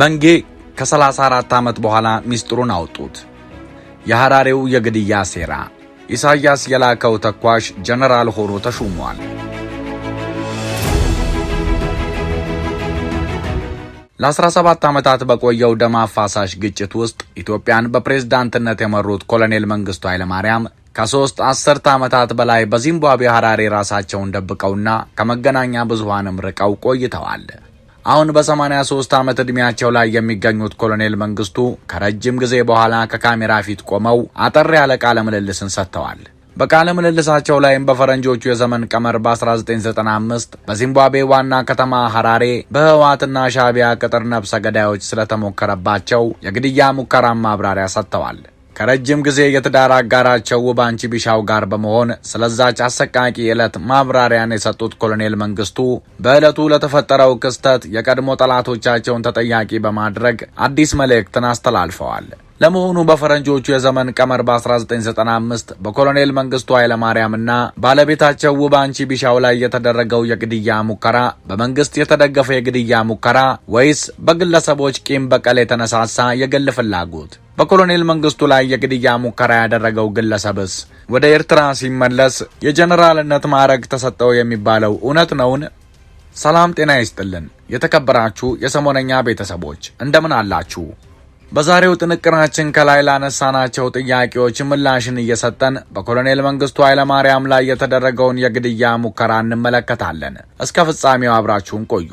መንጌ ከ34 ዓመት በኋላ ሚስጥሩን አውጡት። የሐራሬው የግድያ ሴራ ኢሳያስ የላከው ተኳሽ ጀነራል ሆኖ ተሹሟል። ለ17 ዓመታት በቆየው ደም አፋሳሽ ግጭት ውስጥ ኢትዮጵያን በፕሬዝዳንትነት የመሩት ኮሎኔል መንግስቱ ኃይለማርያም ከሦስት አስርተ ዓመታት በላይ በዚምባብዌ ሐራሬ ራሳቸውን ደብቀውና ከመገናኛ ብዙሃንም ርቀው ቆይተዋል። አሁን በ83 ዓመት ዕድሜያቸው ላይ የሚገኙት ኮሎኔል መንግስቱ ከረጅም ጊዜ በኋላ ከካሜራ ፊት ቆመው አጠር ያለ ቃለ ምልልስን ሰጥተዋል። በቃለ ምልልሳቸው ላይም በፈረንጆቹ የዘመን ቀመር በ1995 በዚምባብዌ ዋና ከተማ ሐራሬ በህወሓትና ሻቢያ ቅጥር ነፍሰ ገዳዮች ስለተሞከረባቸው የግድያ ሙከራ ማብራሪያ ሰጥተዋል። ከረጅም ጊዜ የትዳር አጋራቸው ውባንቺ ቢሻው ጋር በመሆን ስለዛች አሰቃቂ ዕለት ማብራሪያን የሰጡት ኮሎኔል መንግስቱ በዕለቱ ለተፈጠረው ክስተት የቀድሞ ጠላቶቻቸውን ተጠያቂ በማድረግ አዲስ መልእክትን አስተላልፈዋል። ለመሆኑ በፈረንጆቹ የዘመን ቀመር በ1995 በኮሎኔል መንግስቱ ኃይለማርያምና ባለቤታቸው ውባንቺ ቢሻው ላይ የተደረገው የግድያ ሙከራ በመንግስት የተደገፈ የግድያ ሙከራ ወይስ በግለሰቦች ቂም በቀል የተነሳሳ የግል ፍላጎት? በኮሎኔል መንግስቱ ላይ የግድያ ሙከራ ያደረገው ግለሰብስ ወደ ኤርትራ ሲመለስ የጀኔራልነት ማዕረግ ተሰጠው የሚባለው እውነት ነውን? ሰላም ጤና ይስጥልን። የተከበራችሁ የሰሞነኛ ቤተሰቦች እንደምን አላችሁ? በዛሬው ጥንቅራችን ከላይ ላነሳናቸው ጥያቄዎች ምላሽን እየሰጠን በኮሎኔል መንግስቱ ኃይለማርያም ላይ የተደረገውን የግድያ ሙከራ እንመለከታለን። እስከ ፍጻሜው አብራችሁን ቆዩ።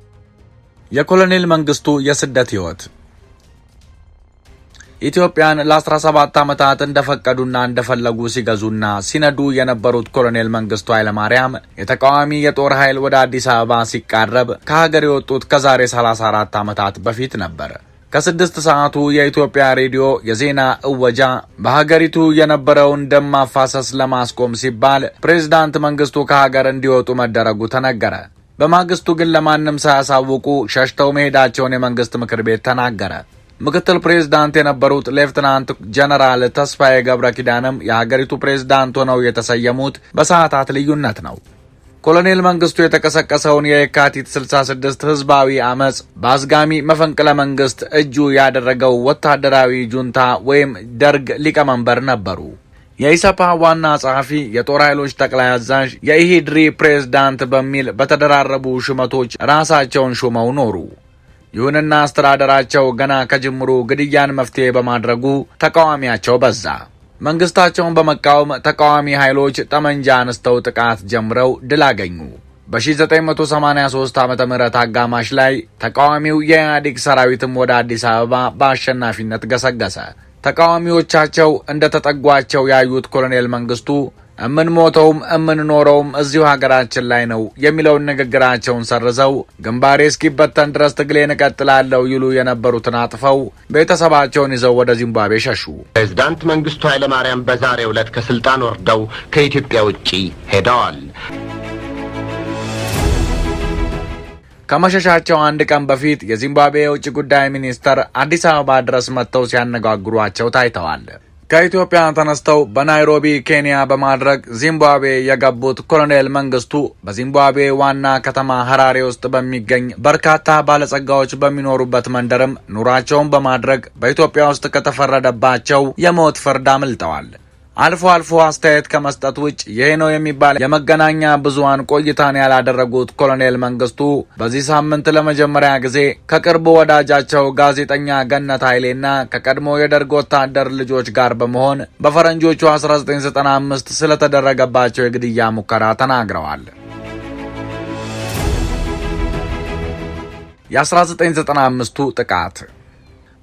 የኮሎኔል መንግስቱ የስደት ህይወት ኢትዮጵያን ለ17 ዓመታት እንደፈቀዱና እንደፈለጉ ሲገዙና ሲነዱ የነበሩት ኮሎኔል መንግስቱ ኃይለማርያም የተቃዋሚ የጦር ኃይል ወደ አዲስ አበባ ሲቃረብ ከሀገር የወጡት ከዛሬ 34 ዓመታት በፊት ነበር። ከስድስት ሰዓቱ የኢትዮጵያ ሬዲዮ የዜና እወጃ በሀገሪቱ የነበረውን ደም ማፋሰስ ለማስቆም ሲባል ፕሬዝዳንት መንግስቱ ከሀገር እንዲወጡ መደረጉ ተነገረ። በማግስቱ ግን ለማንም ሳያሳውቁ ሸሽተው መሄዳቸውን የመንግስት ምክር ቤት ተናገረ። ምክትል ፕሬዝዳንት የነበሩት ሌፍትናንት ጀነራል ተስፋዬ ገብረ ኪዳንም የሀገሪቱ ፕሬዝዳንት ሆነው የተሰየሙት በሰዓታት ልዩነት ነው። ኮሎኔል መንግስቱ የተቀሰቀሰውን የየካቲት 66 ህዝባዊ አመፅ በአዝጋሚ መፈንቅለ መንግስት እጁ ያደረገው ወታደራዊ ጁንታ ወይም ደርግ ሊቀመንበር ነበሩ። የኢሰፓ ዋና ጸሐፊ፣ የጦር ኃይሎች ጠቅላይ አዛዥ፣ የኢሂድሪ ፕሬዝዳንት በሚል በተደራረቡ ሹመቶች ራሳቸውን ሹመው ኖሩ። ይሁንና አስተዳደራቸው ገና ከጅምሩ ግድያን መፍትሄ በማድረጉ ተቃዋሚያቸው በዛ። መንግስታቸውን በመቃወም ተቃዋሚ ኃይሎች ጠመንጃ አንስተው ጥቃት ጀምረው ድል አገኙ። በ1983 ዓ ም አጋማሽ ላይ ተቃዋሚው የኢህአዴግ ሰራዊትም ወደ አዲስ አበባ በአሸናፊነት ገሰገሰ። ተቃዋሚዎቻቸው እንደ ተጠጓቸው ያዩት ኮሎኔል መንግስቱ እምንሞተውም እምንኖረውም እዚሁ ሀገራችን ላይ ነው የሚለውን ንግግራቸውን ሰርዘው ግንባሬ እስኪበተን ድረስ ትግሌን እቀጥላለሁ ይሉ የነበሩትን አጥፈው ቤተሰባቸውን ይዘው ወደ ዚምባብዌ ሸሹ። ፕሬዚዳንት መንግስቱ ኃይለማርያም በዛሬው ዕለት ከስልጣን ወርደው ከኢትዮጵያ ውጪ ሄደዋል። ከመሸሻቸው አንድ ቀን በፊት የዚምባብዌ የውጭ ጉዳይ ሚኒስተር አዲስ አበባ ድረስ መጥተው ሲያነጋግሯቸው ታይተዋል። ከኢትዮጵያ ተነስተው በናይሮቢ ኬንያ በማድረግ ዚምባብዌ የገቡት ኮሎኔል መንግስቱ በዚምባብዌ ዋና ከተማ ሀራሬ ውስጥ በሚገኝ በርካታ ባለጸጋዎች በሚኖሩበት መንደርም ኑሯቸውን በማድረግ በኢትዮጵያ ውስጥ ከተፈረደባቸው የሞት ፍርድ አምልጠዋል። አልፎ አልፎ አስተያየት ከመስጠት ውጭ ይህ ነው የሚባል የመገናኛ ብዙሃን ቆይታን ያላደረጉት ኮሎኔል መንግስቱ በዚህ ሳምንት ለመጀመሪያ ጊዜ ከቅርብ ወዳጃቸው ጋዜጠኛ ገነት ኃይሌና ከቀድሞ የደርግ ወታደር ልጆች ጋር በመሆን በፈረንጆቹ 1995 ስለተደረገባቸው የግድያ ሙከራ ተናግረዋል። የ1995ቱ ጥቃት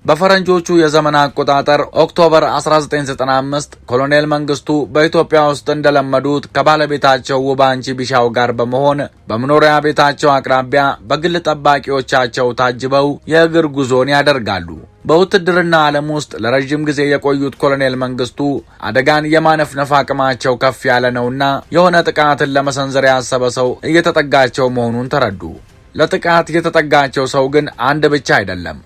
በፈረንጆቹ የዘመን አቆጣጠር ኦክቶበር 1995 ኮሎኔል መንግስቱ በኢትዮጵያ ውስጥ እንደለመዱት ከባለቤታቸው ውባንቺ ቢሻው ጋር በመሆን በመኖሪያ ቤታቸው አቅራቢያ በግል ጠባቂዎቻቸው ታጅበው የእግር ጉዞን ያደርጋሉ። በውትድርና ዓለም ውስጥ ለረዥም ጊዜ የቆዩት ኮሎኔል መንግስቱ አደጋን የማነፍነፍ አቅማቸው ከፍ ያለ ነውና የሆነ ጥቃትን ለመሰንዘር ያሰበ ሰው እየተጠጋቸው መሆኑን ተረዱ። ለጥቃት የተጠጋቸው ሰው ግን አንድ ብቻ አይደለም።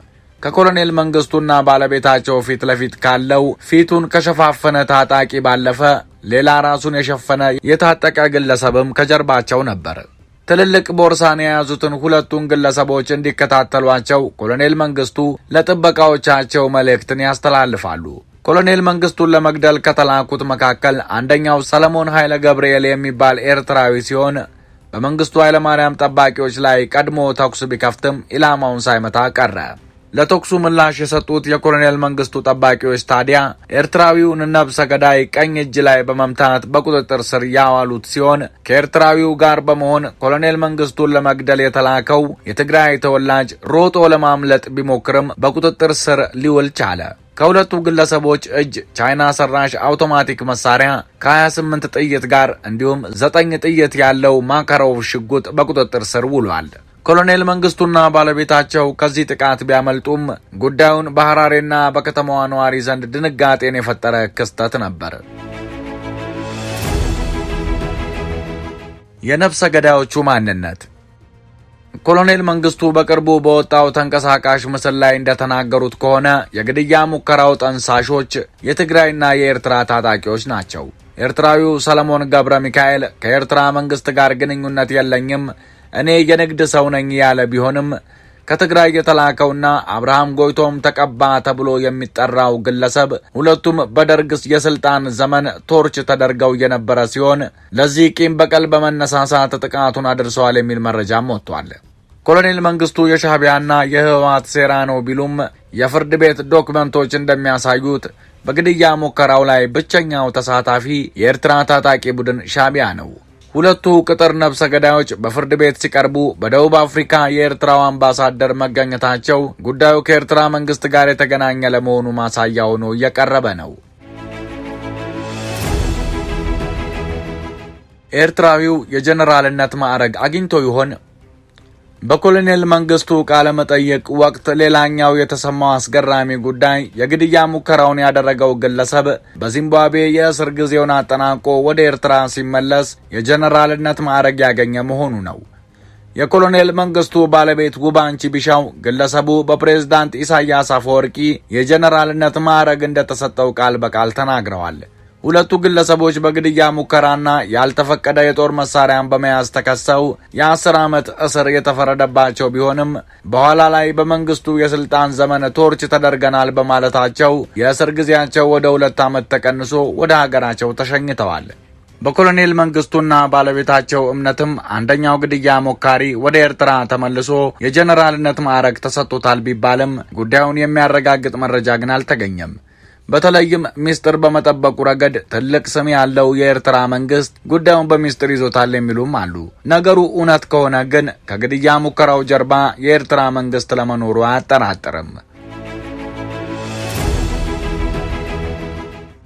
ከኮሎኔል መንግስቱና ባለቤታቸው ፊት ለፊት ካለው ፊቱን ከሸፋፈነ ታጣቂ ባለፈ ሌላ ራሱን የሸፈነ የታጠቀ ግለሰብም ከጀርባቸው ነበር። ትልልቅ ቦርሳን የያዙትን ሁለቱን ግለሰቦች እንዲከታተሏቸው ኮሎኔል መንግስቱ ለጥበቃዎቻቸው መልእክትን ያስተላልፋሉ። ኮሎኔል መንግስቱን ለመግደል ከተላኩት መካከል አንደኛው ሰለሞን ኃይለ ገብርኤል የሚባል ኤርትራዊ ሲሆን በመንግስቱ ኃይለማርያም ጠባቂዎች ላይ ቀድሞ ተኩስ ቢከፍትም ኢላማውን ሳይመታ ቀረ። ለተኩሱ ምላሽ የሰጡት የኮሎኔል መንግስቱ ጠባቂዎች ታዲያ ኤርትራዊውን ነብሰ ገዳይ ቀኝ እጅ ላይ በመምታት በቁጥጥር ስር ያዋሉት ሲሆን ከኤርትራዊው ጋር በመሆን ኮሎኔል መንግስቱን ለመግደል የተላከው የትግራይ ተወላጅ ሮጦ ለማምለጥ ቢሞክርም በቁጥጥር ስር ሊውል ቻለ። ከሁለቱ ግለሰቦች እጅ ቻይና ሰራሽ አውቶማቲክ መሳሪያ ከ28 ጥይት ጋር እንዲሁም ዘጠኝ ጥይት ያለው ማካሮቭ ሽጉጥ በቁጥጥር ስር ውሏል። ኮሎኔል መንግስቱና ባለቤታቸው ከዚህ ጥቃት ቢያመልጡም ጉዳዩን በሐራሬና በከተማዋ ነዋሪ ዘንድ ድንጋጤን የፈጠረ ክስተት ነበር። የነፍሰ ገዳዮቹ ማንነት ኮሎኔል መንግስቱ በቅርቡ በወጣው ተንቀሳቃሽ ምስል ላይ እንደተናገሩት ከሆነ የግድያ ሙከራው ጠንሳሾች የትግራይና የኤርትራ ታጣቂዎች ናቸው። ኤርትራዊው ሰለሞን ገብረ ሚካኤል ከኤርትራ መንግስት ጋር ግንኙነት የለኝም እኔ የንግድ ሰው ነኝ ያለ ቢሆንም ከትግራይ የተላከውና አብርሃም ጎይቶም ተቀባ ተብሎ የሚጠራው ግለሰብ ሁለቱም በደርግ የስልጣን ዘመን ቶርች ተደርገው የነበረ ሲሆን ለዚህ ቂም በቀል በመነሳሳት ጥቃቱን አድርሰዋል የሚል መረጃም ወጥቷል። ኮሎኔል መንግስቱ የሻቢያና የህወሓት ሴራ ነው ቢሉም የፍርድ ቤት ዶክመንቶች እንደሚያሳዩት በግድያ ሙከራው ላይ ብቸኛው ተሳታፊ የኤርትራ ታጣቂ ቡድን ሻቢያ ነው። ሁለቱ ቅጥር ነብሰ ገዳዮች በፍርድ ቤት ሲቀርቡ በደቡብ አፍሪካ የኤርትራው አምባሳደር መገኘታቸው ጉዳዩ ከኤርትራ መንግስት ጋር የተገናኘ ለመሆኑ ማሳያ ሆኖ እየቀረበ ነው። ኤርትራዊው የጀኔራልነት ማዕረግ አግኝቶ ይሆን? በኮሎኔል መንግስቱ ቃለመጠይቅ ወቅት ሌላኛው የተሰማው አስገራሚ ጉዳይ የግድያ ሙከራውን ያደረገው ግለሰብ በዚምባብዌ የእስር ጊዜውን አጠናቆ ወደ ኤርትራ ሲመለስ የጀኔራልነት ማዕረግ ያገኘ መሆኑ ነው። የኮሎኔል መንግስቱ ባለቤት ውባንቺ ቢሻው ግለሰቡ በፕሬዝዳንት ኢሳያስ አፈወርቂ የጀኔራልነት ማዕረግ እንደተሰጠው ቃል በቃል ተናግረዋል። ሁለቱ ግለሰቦች በግድያ ሙከራና ያልተፈቀደ የጦር መሳሪያን በመያዝ ተከሰው የአስር ዓመት እስር የተፈረደባቸው ቢሆንም በኋላ ላይ በመንግስቱ የስልጣን ዘመን ቶርች ተደርገናል በማለታቸው የእስር ጊዜያቸው ወደ ሁለት ዓመት ተቀንሶ ወደ ሀገራቸው ተሸኝተዋል። በኮሎኔል መንግስቱና ባለቤታቸው እምነትም አንደኛው ግድያ ሞካሪ ወደ ኤርትራ ተመልሶ የጀኔራልነት ማዕረግ ተሰጥቶታል ቢባልም ጉዳዩን የሚያረጋግጥ መረጃ ግን አልተገኘም። በተለይም ሚስጥር በመጠበቁ ረገድ ትልቅ ስም ያለው የኤርትራ መንግስት ጉዳዩን በሚስጥር ይዞታል የሚሉም አሉ። ነገሩ እውነት ከሆነ ግን ከግድያ ሙከራው ጀርባ የኤርትራ መንግስት ለመኖሩ አያጠራጥርም።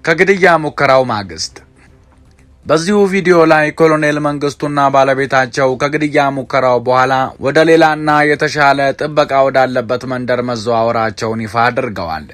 ከግድያ ሙከራው ማግስት በዚሁ ቪዲዮ ላይ ኮሎኔል መንግስቱና ባለቤታቸው ከግድያ ሙከራው በኋላ ወደ ሌላና የተሻለ ጥበቃ ወዳለበት መንደር መዘዋወራቸውን ይፋ አድርገዋል።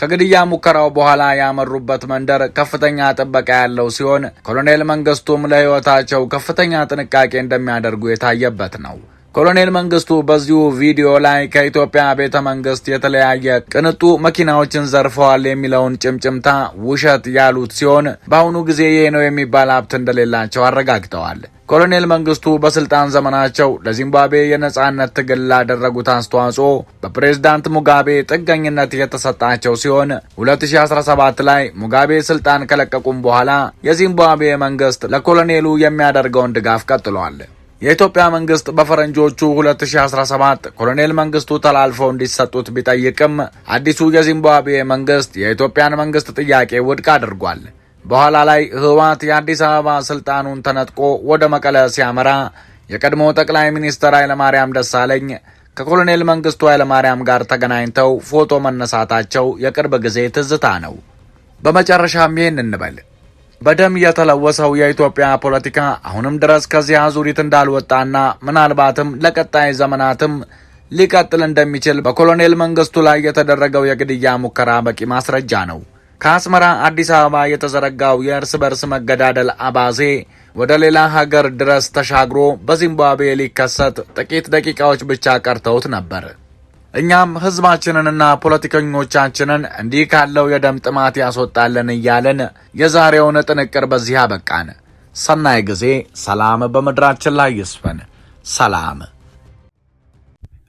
ከግድያ ሙከራው በኋላ ያመሩበት መንደር ከፍተኛ ጥበቃ ያለው ሲሆን ኮሎኔል መንግስቱም ለህይወታቸው ከፍተኛ ጥንቃቄ እንደሚያደርጉ የታየበት ነው። ኮሎኔል መንግስቱ በዚሁ ቪዲዮ ላይ ከኢትዮጵያ ቤተ መንግስት የተለያየ ቅንጡ መኪናዎችን ዘርፈዋል የሚለውን ጭምጭምታ ውሸት ያሉት ሲሆን በአሁኑ ጊዜ ይህ ነው የሚባል ሀብት እንደሌላቸው አረጋግጠዋል። ኮሎኔል መንግስቱ በስልጣን ዘመናቸው ለዚምባብዌ የነጻነት ትግል ላደረጉት አስተዋጽኦ በፕሬዝዳንት ሙጋቤ ጥገኝነት የተሰጣቸው ሲሆን 2017 ላይ ሙጋቤ ስልጣን ከለቀቁም በኋላ የዚምባብዌ መንግስት ለኮሎኔሉ የሚያደርገውን ድጋፍ ቀጥሏል። የኢትዮጵያ መንግስት በፈረንጆቹ 2017 ኮሎኔል መንግስቱ ተላልፈው እንዲሰጡት ቢጠይቅም አዲሱ የዚምባብዌ መንግስት የኢትዮጵያን መንግስት ጥያቄ ውድቅ አድርጓል። በኋላ ላይ ህወሓት የአዲስ አበባ ስልጣኑን ተነጥቆ ወደ መቀለ ሲያመራ የቀድሞ ጠቅላይ ሚኒስትር ኃይለማርያም ደሳለኝ ከኮሎኔል መንግስቱ ኃይለማርያም ጋር ተገናኝተው ፎቶ መነሳታቸው የቅርብ ጊዜ ትዝታ ነው። በመጨረሻም ይህን እንበል፣ በደም የተለወሰው የኢትዮጵያ ፖለቲካ አሁንም ድረስ ከዚህ አዙሪት እንዳልወጣና ምናልባትም ለቀጣይ ዘመናትም ሊቀጥል እንደሚችል በኮሎኔል መንግስቱ ላይ የተደረገው የግድያ ሙከራ በቂ ማስረጃ ነው። ከአስመራ አዲስ አበባ የተዘረጋው የእርስ በርስ መገዳደል አባዜ ወደ ሌላ ሀገር ድረስ ተሻግሮ በዚምባብዌ ሊከሰት ጥቂት ደቂቃዎች ብቻ ቀርተውት ነበር። እኛም ህዝባችንንና ፖለቲከኞቻችንን እንዲህ ካለው የደም ጥማት ያስወጣልን እያልን የዛሬውን ጥንቅር በዚህ አበቃን። ሰናይ ጊዜ። ሰላም በምድራችን ላይ ይስፈን። ሰላም